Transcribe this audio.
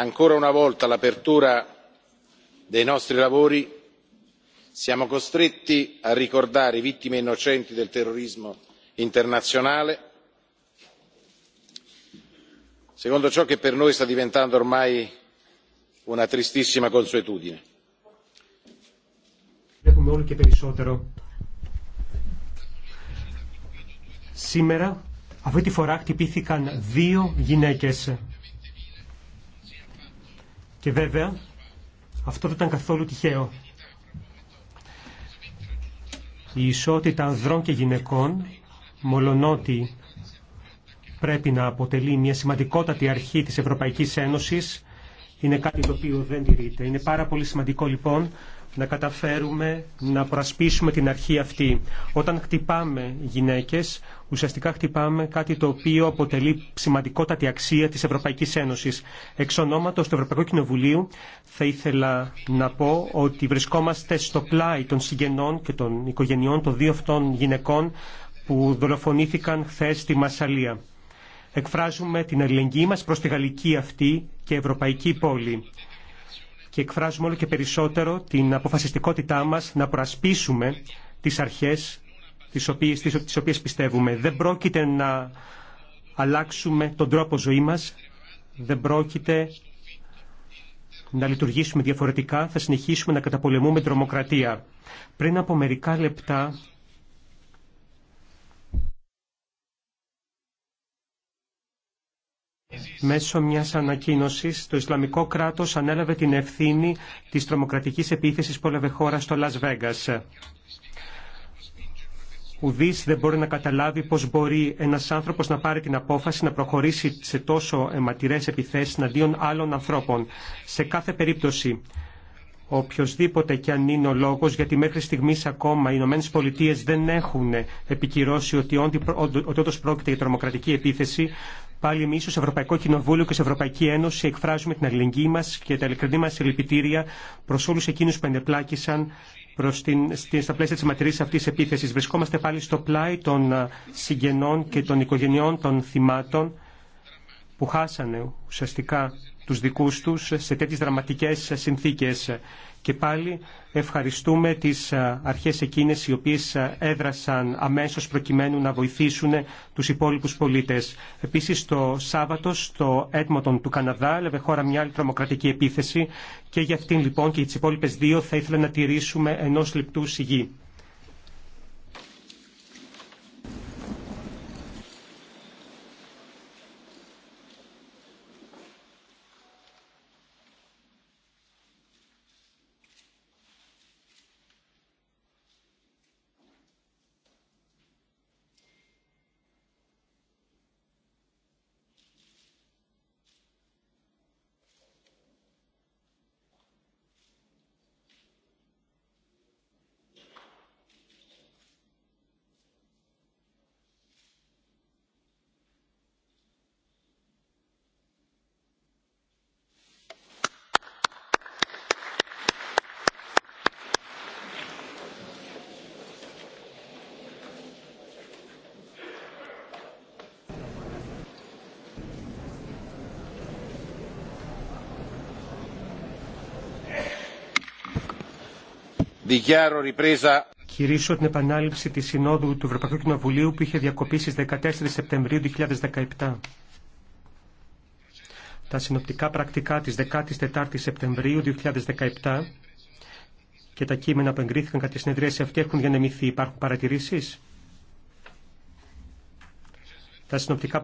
ancora una volta all'apertura dei nostri lavori siamo costretti a ricordare vittime innocenti del terrorismo internazionale secondo ciò che per noi sta diventando ormai una tristissima consuetudine. Και βέβαια, αυτό δεν ήταν καθόλου τυχαίο. Η ισότητα ανδρών και γυναικών, μολονότι πρέπει να αποτελεί μια σημαντικότατη αρχή της Ευρωπαϊκής Ένωσης, είναι κάτι το οποίο δεν τηρείται. Είναι πάρα πολύ σημαντικό λοιπόν να καταφέρουμε να προασπίσουμε την αρχή αυτή. Όταν χτυπάμε γυναίκες, ουσιαστικά χτυπάμε κάτι το οποίο αποτελεί σημαντικότατη αξία της Ευρωπαϊκής Ένωσης. Εξ ονόματος του Ευρωπαϊκού Κοινοβουλίου θα ήθελα να πω ότι βρισκόμαστε στο πλάι των συγγενών και των οικογενειών των δύο αυτών γυναικών που δολοφονήθηκαν χθε στη Μασαλία εκφράζουμε την αλληλεγγύη μας προς τη γαλλική αυτή και ευρωπαϊκή πόλη και εκφράζουμε όλο και περισσότερο την αποφασιστικότητά μας να προασπίσουμε τις αρχές τις οποίες, τις οποίες πιστεύουμε. Δεν πρόκειται να αλλάξουμε τον τρόπο ζωή μας, δεν πρόκειται να λειτουργήσουμε διαφορετικά, θα συνεχίσουμε να καταπολεμούμε τρομοκρατία. Πριν από μερικά λεπτά μέσω μιας ανακοίνωσης το Ισλαμικό κράτος ανέλαβε την ευθύνη της τρομοκρατικής επίθεσης που έλαβε χώρα στο Λας Βέγγας. Ουδής δεν μπορεί να καταλάβει πώς μπορεί ένας άνθρωπος να πάρει την απόφαση να προχωρήσει σε τόσο αιματηρές επιθέσεις εναντίον άλλων ανθρώπων. Σε κάθε περίπτωση οποιοδήποτε κι αν είναι ο λόγο, γιατί μέχρι στιγμή ακόμα οι Ηνωμένε Πολιτείε δεν έχουν επικυρώσει ότι όντω πρόκειται για τρομοκρατική επίθεση, πάλι εμεί ω Ευρωπαϊκό Κοινοβούλιο και ω Ευρωπαϊκή Ένωση εκφράζουμε την αλληλεγγύη μα και τα ειλικρινή μα συλληπιτήρια προ όλου εκείνου που ενεπλάκησαν προς την, στα πλαίσια της ματηρής αυτής επίθεση. Βρισκόμαστε πάλι στο πλάι των συγγενών και των οικογενειών των θυμάτων που χάσανε ουσιαστικά τους δικούς τους σε τέτοιες δραματικές συνθήκες. Και πάλι ευχαριστούμε τις αρχές εκείνες οι οποίες έδρασαν αμέσως προκειμένου να βοηθήσουν τους υπόλοιπους πολίτες. Επίσης το Σάββατο στο Έτμοτον του Καναδά έλαβε χώρα μια άλλη τρομοκρατική επίθεση και για αυτήν λοιπόν και για τις υπόλοιπες δύο θα ήθελα να τηρήσουμε ενός λεπτού σιγή. Κυρίσω την επανάληψη της Συνόδου του Ευρωπαϊκού Κοινοβουλίου που είχε διακοπήσει στις 14 Σεπτεμβρίου 2017. Τα συνοπτικά πρακτικά της 14 Σεπτεμβρίου 2017 και τα κείμενα που εγκρίθηκαν κατά τη συνεδρίες αυτή έχουν διανεμηθεί. Υπάρχουν παρατηρήσεις. Τα συνοπτικά